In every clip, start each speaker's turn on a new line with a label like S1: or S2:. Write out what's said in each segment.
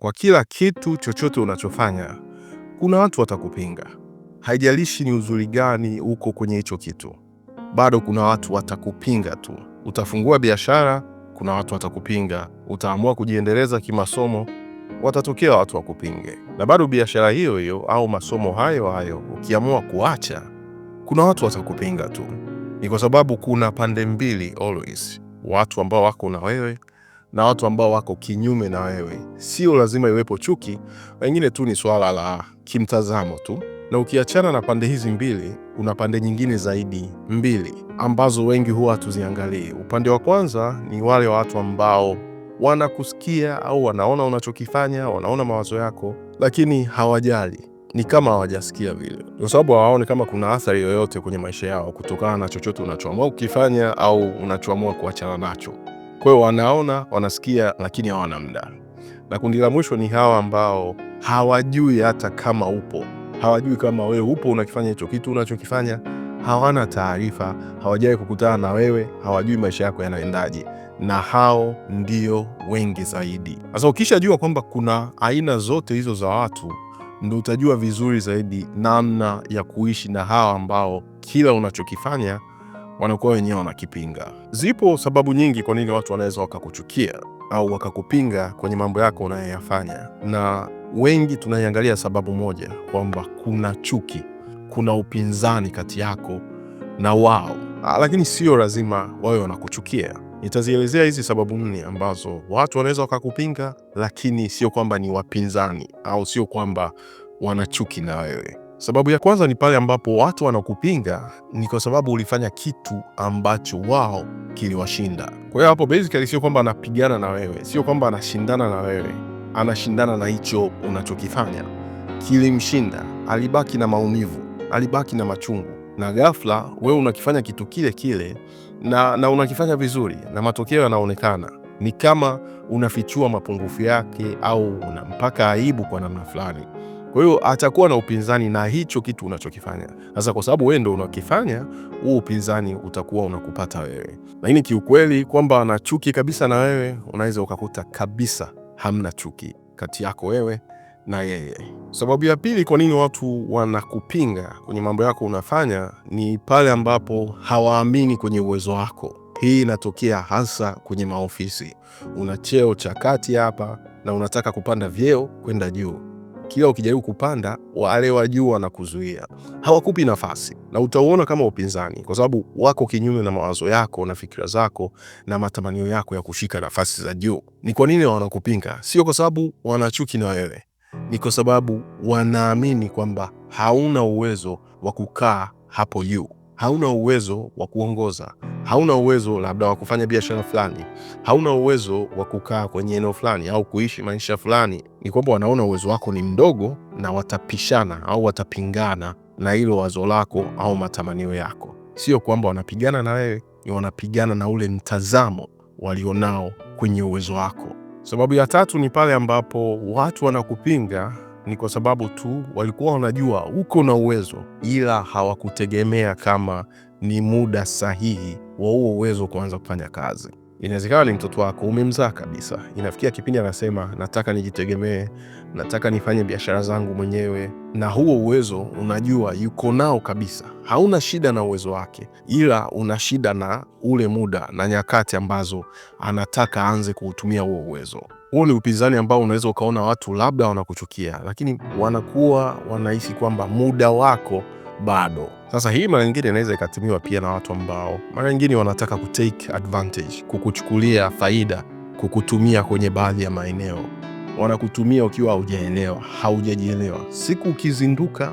S1: kwa kila kitu chochote unachofanya. Kuna watu watakupinga, haijalishi ni uzuri gani uko kwenye hicho kitu, bado kuna watu watakupinga tu. Utafungua biashara, kuna watu watakupinga. Utaamua kujiendeleza kimasomo, watatokea watu wakupinge, na bado biashara hiyo hiyo au masomo hayo hayo ukiamua kuacha, kuna watu watakupinga tu. Ni kwa sababu kuna pande mbili always, watu ambao wako na wewe na watu ambao wako kinyume na wewe. Sio lazima iwepo chuki, wengine tu ni swala la kimtazamo tu, na ukiachana na pande hizi mbili, kuna pande nyingine zaidi mbili ambazo wengi huwa hatuziangalii. Upande wa kwanza ni wale watu ambao wanakusikia au wanaona unachokifanya, wanaona mawazo yako, lakini hawajali ni kama hawajasikia vile, kwa sababu hawaoni kama kuna athari yoyote kwenye maisha yao kutokana na chochote unachoamua kukifanya au unachoamua kuachana nacho. Kwa hiyo wanaona, wanasikia, lakini hawana muda. Na kundi la mwisho ni hawa ambao hawajui hata kama upo, hawajui kama wewe upo unakifanya hicho kitu unachokifanya, hawana taarifa, hawajawai kukutana na wewe, hawajui maisha yako yanaendaje, na hao ndio wengi zaidi. Sasa ukishajua kwamba kuna aina zote hizo za watu, ndo utajua vizuri zaidi namna ya kuishi na hawa ambao kila unachokifanya wanakuwa wenyewe wanakipinga. Zipo sababu nyingi kwa nini watu wanaweza wakakuchukia au wakakupinga kwenye mambo yako unayoyafanya, na wengi tunaiangalia sababu moja kwamba kuna chuki, kuna upinzani kati yako na wao, ah, lakini sio lazima wawe wanakuchukia. Nitazielezea hizi sababu nne ambazo watu wanaweza wakakupinga, lakini sio kwamba ni wapinzani au sio kwamba wana chuki na wewe. Sababu ya kwanza ni pale ambapo watu wanakupinga ni kwa sababu ulifanya kitu ambacho wao kiliwashinda. Kwa hiyo hapo basically sio kwamba anapigana na wewe, sio kwamba anashindana na wewe, anashindana na hicho unachokifanya kilimshinda. Alibaki na maumivu, alibaki na machungu, na ghafla wewe unakifanya kitu kile kile na, na unakifanya vizuri na matokeo yanaonekana. Ni kama unafichua mapungufu yake au unampaka aibu kwa namna fulani. Kwa hiyo atakuwa na upinzani na hicho kitu unachokifanya. Sasa kwa sababu wewe ndo unakifanya, huo upinzani utakuwa unakupata wewe. Lakini kiukweli kwamba ana chuki kabisa na wewe, unaweza ukakuta kabisa hamna chuki kati yako wewe na yeye. Sababu ya pili kwa nini watu wanakupinga kwenye mambo yako unafanya ni pale ambapo hawaamini kwenye uwezo wako. Hii inatokea hasa kwenye maofisi. Una cheo cha kati hapa na unataka kupanda vyeo kwenda juu kila ukijaribu kupanda wale wa juu wanakuzuia, hawakupi nafasi, na utauona kama upinzani, kwa sababu wako kinyume na mawazo yako na fikira zako na matamanio yako ya kushika nafasi za juu. Ni kwa nini wanakupinga? Sio kwa sababu wana chuki na wewe, ni kwa sababu wanaamini kwamba hauna uwezo wa kukaa hapo juu, hauna uwezo wa kuongoza hauna uwezo labda wa kufanya biashara fulani, hauna uwezo wa kukaa kwenye eneo fulani au kuishi maisha fulani, ni kwamba wanaona uwezo wako ni mdogo na watapishana au watapingana na hilo wazo lako au matamanio yako. Sio kwamba wanapigana na wewe, ni wanapigana na ule mtazamo walionao kwenye uwezo wako. Sababu ya tatu ni pale ambapo watu wanakupinga ni kwa sababu tu walikuwa wanajua uko na uwezo, ila hawakutegemea kama ni muda sahihi wa huo uwezo kuanza kufanya kazi. Inawezekana ni mtoto wako umemzaa kabisa, inafikia kipindi anasema nataka nijitegemee, nataka nifanye biashara zangu mwenyewe, na huo uwezo unajua yuko nao kabisa, hauna shida na uwezo wake, ila una shida na ule muda na nyakati ambazo anataka aanze kuutumia huo uwezo. Huo ni upinzani ambao unaweza ukaona watu labda wanakuchukia, lakini wanakuwa wanahisi kwamba muda wako bado. Sasa hii mara nyingine inaweza ikatumiwa pia na watu ambao mara nyingine wanataka kutake advantage, kukuchukulia faida, kukutumia kwenye baadhi ya maeneo. Wanakutumia ukiwa haujaelewa, haujajielewa. Siku ukizinduka,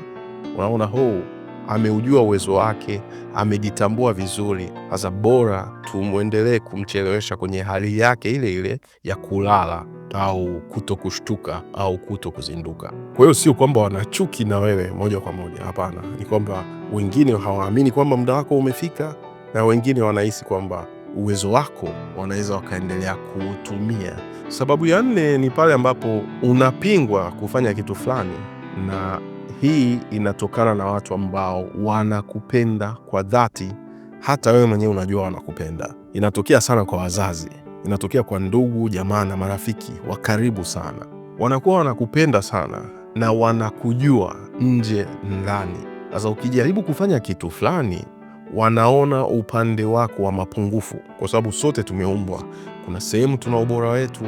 S1: unaona ho oh, ameujua uwezo wake, amejitambua vizuri. Sasa bora tumwendelee kumchelewesha kwenye hali yake ile ile ya kulala au kuto kushtuka au kuto kuzinduka. Kwa hiyo sio kwamba wana chuki na wewe moja kwa moja, hapana. Ni kwamba wengine hawaamini kwamba muda wako umefika, na wengine wanahisi kwamba uwezo wako wanaweza wakaendelea kuutumia. Sababu ya nne ni pale ambapo unapingwa kufanya kitu fulani, na hii inatokana na watu ambao wanakupenda kwa dhati, hata wewe mwenyewe unajua wanakupenda. Inatokea sana kwa wazazi inatokea kwa ndugu, jamaa na marafiki wa karibu sana. Wanakuwa wanakupenda sana na wanakujua nje ndani. Sasa ukijaribu kufanya kitu fulani, wanaona upande wako wa mapungufu, kwa sababu sote tumeumbwa, kuna sehemu tuna ubora wetu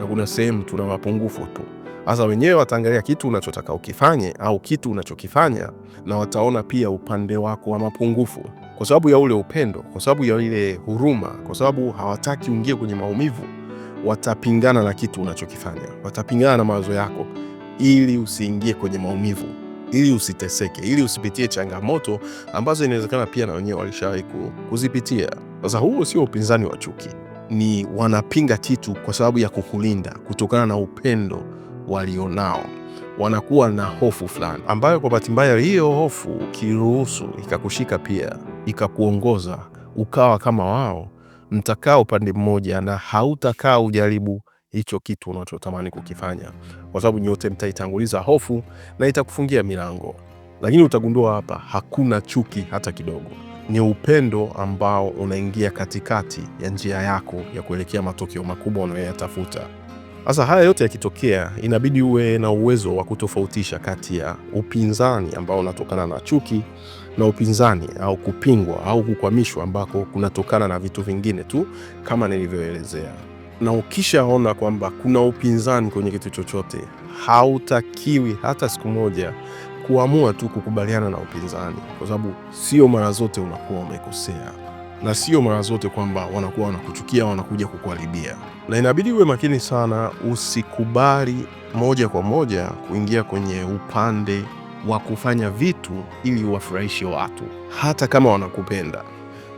S1: na kuna sehemu tuna mapungufu tu. Sasa wenyewe wataangalia kitu unachotaka ukifanye au kitu unachokifanya, na wataona pia upande wako wa mapungufu kwa sababu ya ule upendo, kwa sababu ya ile huruma, kwa sababu hawataki uingie kwenye maumivu, watapingana na kitu unachokifanya, watapingana na mawazo yako ili usiingie kwenye maumivu, ili usiteseke, ili usipitie changamoto ambazo inawezekana pia na wenyewe walishawahi kuzipitia. Sasa huo sio upinzani wa chuki, ni wanapinga kitu kwa sababu ya kukulinda kutokana na upendo walionao wanakuwa na hofu fulani ambayo kwa bahati mbaya hiyo hofu ukiruhusu ikakushika pia ikakuongoza ukawa kama wao, mtakaa upande mmoja na hautakaa ujaribu hicho kitu unachotamani kukifanya, kwa sababu nyote mtaitanguliza hofu na itakufungia milango. Lakini utagundua hapa hakuna chuki hata kidogo, ni upendo ambao unaingia katikati ya njia yako ya kuelekea matokeo makubwa unayoyatafuta. Sasa haya yote yakitokea, inabidi uwe na uwezo wa kutofautisha kati ya upinzani ambao unatokana na chuki na upinzani au kupingwa au kukwamishwa ambako kunatokana na vitu vingine tu kama nilivyoelezea. Na ukishaona kwamba kuna upinzani kwenye kitu chochote, hautakiwi hata siku moja kuamua tu kukubaliana na upinzani, kwa sababu sio mara zote unakuwa umekosea, na sio mara zote kwamba wanakuwa wanakuchukia, wanakuja kukuharibia na inabidi uwe makini sana, usikubali moja kwa moja kuingia kwenye upande wa kufanya vitu ili uwafurahishe watu, hata kama wanakupenda.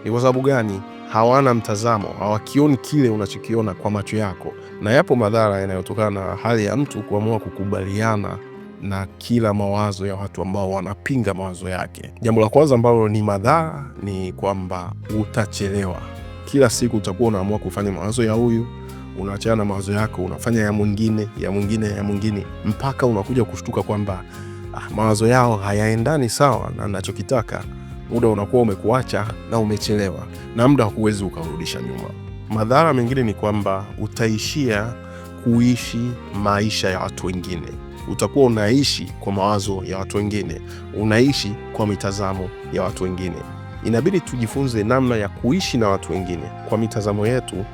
S1: Ni kwa sababu gani? Hawana mtazamo, hawakioni kile unachokiona kwa macho yako, na yapo madhara yanayotokana na hali ya mtu kuamua kukubaliana na kila mawazo ya watu ambao wanapinga mawazo yake. Jambo la kwanza ambalo ni madhara ni kwamba utachelewa. Kila siku utakuwa unaamua kufanya mawazo ya huyu unaachana na mawazo yako, unafanya ya mwingine ya mwingine ya mwingine, mpaka unakuja kushtuka kwamba ah, mawazo yao hayaendani sawa na nachokitaka. Muda unakuwa umekuacha na umechelewa, na muda huwezi ukarudisha nyuma. Madhara mengine ni kwamba utaishia kuishi maisha ya watu wengine. Utakuwa unaishi kwa mawazo ya watu wengine, unaishi kwa mitazamo ya watu wengine. Inabidi tujifunze namna ya kuishi na watu wengine kwa mitazamo yetu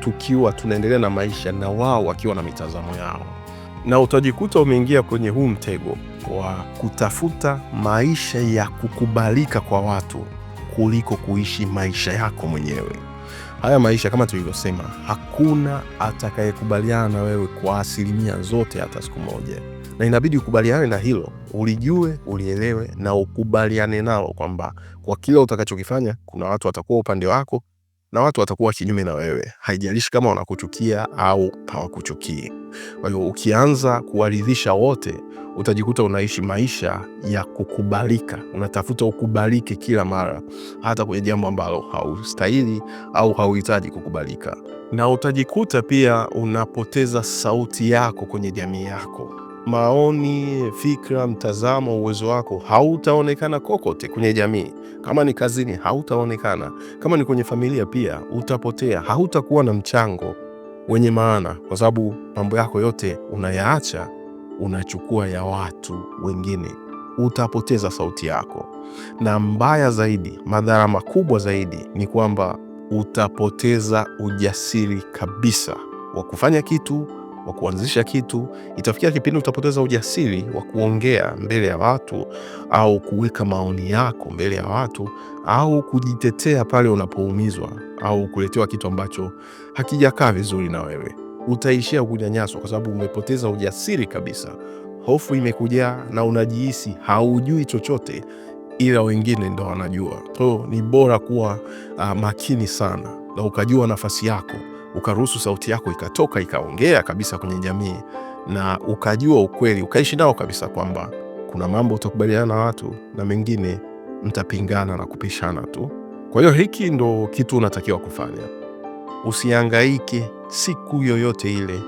S1: tukiwa tunaendelea na maisha na wao wakiwa na mitazamo yao, na utajikuta umeingia kwenye huu mtego wa kutafuta maisha ya kukubalika kwa watu kuliko kuishi maisha yako mwenyewe. Haya maisha kama tulivyosema, hakuna atakayekubaliana na wewe kwa asilimia zote hata siku moja, na inabidi ukubaliane na hilo, ulijue, ulielewe na ukubaliane nalo kwamba kwa kila utakachokifanya kuna watu watakuwa upande wako na watu watakuwa kinyume na wewe, haijalishi kama wanakuchukia au hawakuchukii. Kwa hiyo ukianza kuwaridhisha wote, utajikuta unaishi maisha ya kukubalika, unatafuta ukubalike kila mara, hata kwenye jambo ambalo haustahili au hauhitaji kukubalika, na utajikuta pia unapoteza sauti yako kwenye jamii yako maoni, fikra, mtazamo, uwezo wako hautaonekana kokote kwenye jamii. Kama ni kazini, hautaonekana. Kama ni kwenye familia, pia utapotea, hautakuwa na mchango wenye maana, kwa sababu mambo yako yote unayaacha, unachukua ya watu wengine. Utapoteza sauti yako, na mbaya zaidi, madhara makubwa zaidi ni kwamba utapoteza ujasiri kabisa wa kufanya kitu wa kuanzisha kitu, itafikia kipindi utapoteza ujasiri wa kuongea mbele ya watu au kuweka maoni yako mbele ya watu au kujitetea pale unapoumizwa au kuletewa kitu ambacho hakijakaa vizuri na wewe. Utaishia kunyanyaswa kwa sababu umepoteza ujasiri kabisa. Hofu imekujaa na unajihisi haujui chochote, ila wengine ndo wanajua. Kwa ni bora kuwa uh, makini sana na ukajua nafasi yako ukaruhusu sauti yako ikatoka ikaongea kabisa kwenye jamii, na ukajua ukweli, ukaishi nao kabisa kwamba kuna mambo utakubaliana na watu na mengine mtapingana na kupishana tu. Kwa hiyo hiki ndo kitu unatakiwa kufanya. Usiangaike siku yoyote ile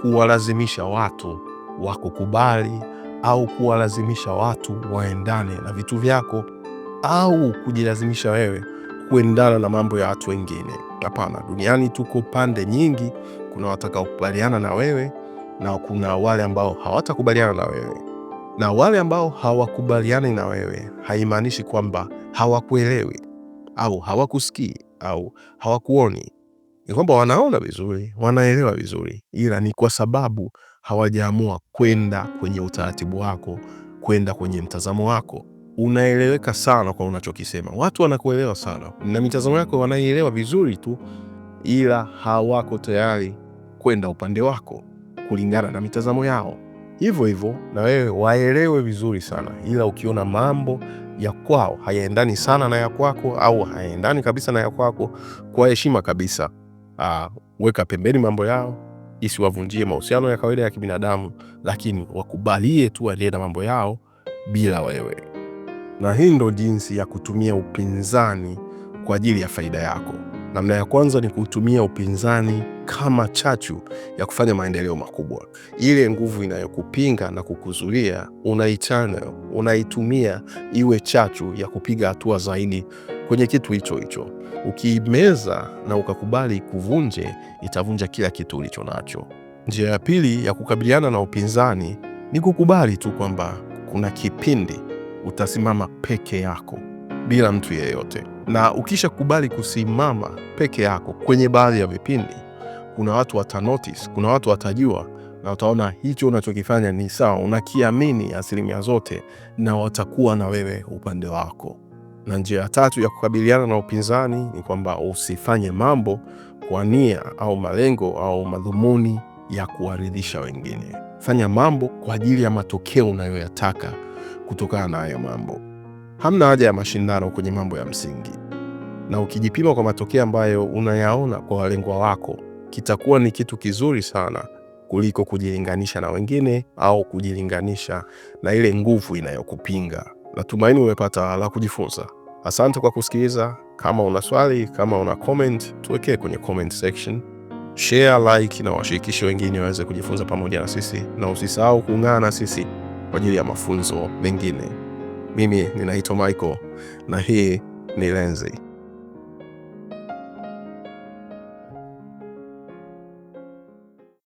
S1: kuwalazimisha watu wakukubali au kuwalazimisha watu waendane na vitu vyako au kujilazimisha wewe kuendana na mambo ya watu wengine. Hapana, duniani tuko pande nyingi. Kuna watakaokubaliana na wewe na kuna wale ambao hawatakubaliana na wewe, na wale ambao hawakubaliani na wewe haimaanishi kwamba hawakuelewi au hawakusikii au hawakuoni. Ni kwamba wanaona vizuri, wanaelewa vizuri, ila ni kwa sababu hawajaamua kwenda kwenye utaratibu wako, kwenda kwenye mtazamo wako unaeleweka sana kwa unachokisema, watu wanakuelewa sana na mitazamo yako wanaielewa vizuri tu, ila hawako tayari kwenda upande wako kulingana na mitazamo yao. Hivyo hivyo na wewe waelewe vizuri sana, ila ukiona mambo ya kwao hayaendani sana na ya kwako au hayaendani kabisa na ya kwako, kwa heshima kabisa, aa, ah, weka pembeni mambo yao, isiwavunjie mahusiano ya kawaida ya kibinadamu, lakini wakubalie tu waendelee na mambo yao bila wewe na hii ndo jinsi ya kutumia upinzani kwa ajili ya faida yako. Namna ya kwanza ni kutumia upinzani kama chachu ya kufanya maendeleo makubwa. Ile nguvu inayokupinga na kukuzuia unaichana, unaitumia iwe chachu ya kupiga hatua zaidi kwenye kitu hicho hicho. Ukiimeza na ukakubali kuvunje, itavunja kila kitu ulicho nacho. Njia ya pili ya kukabiliana na upinzani ni kukubali tu kwamba kuna kipindi utasimama peke yako bila mtu yeyote. Na ukisha kubali kusimama peke yako kwenye baadhi ya vipindi, kuna watu watanotice, kuna watu watajua na utaona hicho unachokifanya ni sawa, unakiamini asilimia zote, na watakuwa na wewe upande wako. Na njia ya tatu ya kukabiliana na upinzani ni kwamba usifanye mambo kwa nia au malengo au madhumuni ya kuwaridhisha wengine. Fanya mambo kwa ajili ya matokeo unayoyataka kutokana na hayo mambo. Hamna haja ya mashindano kwenye mambo ya msingi, na ukijipima kwa matokeo ambayo unayaona kwa walengwa wako, kitakuwa ni kitu kizuri sana kuliko kujilinganisha na wengine au kujilinganisha na ile nguvu inayokupinga. Natumaini umepata la kujifunza. Asante kwa kusikiliza. Kama una swali, kama una comment, tuwekee kwenye comment section. Share, like na washirikishe wengine waweze kujifunza pamoja na sisi, na usisahau kuungana na sisi kwa ajili ya mafunzo mengine. Mimi ninaitwa Michael na hii ni Lenzi.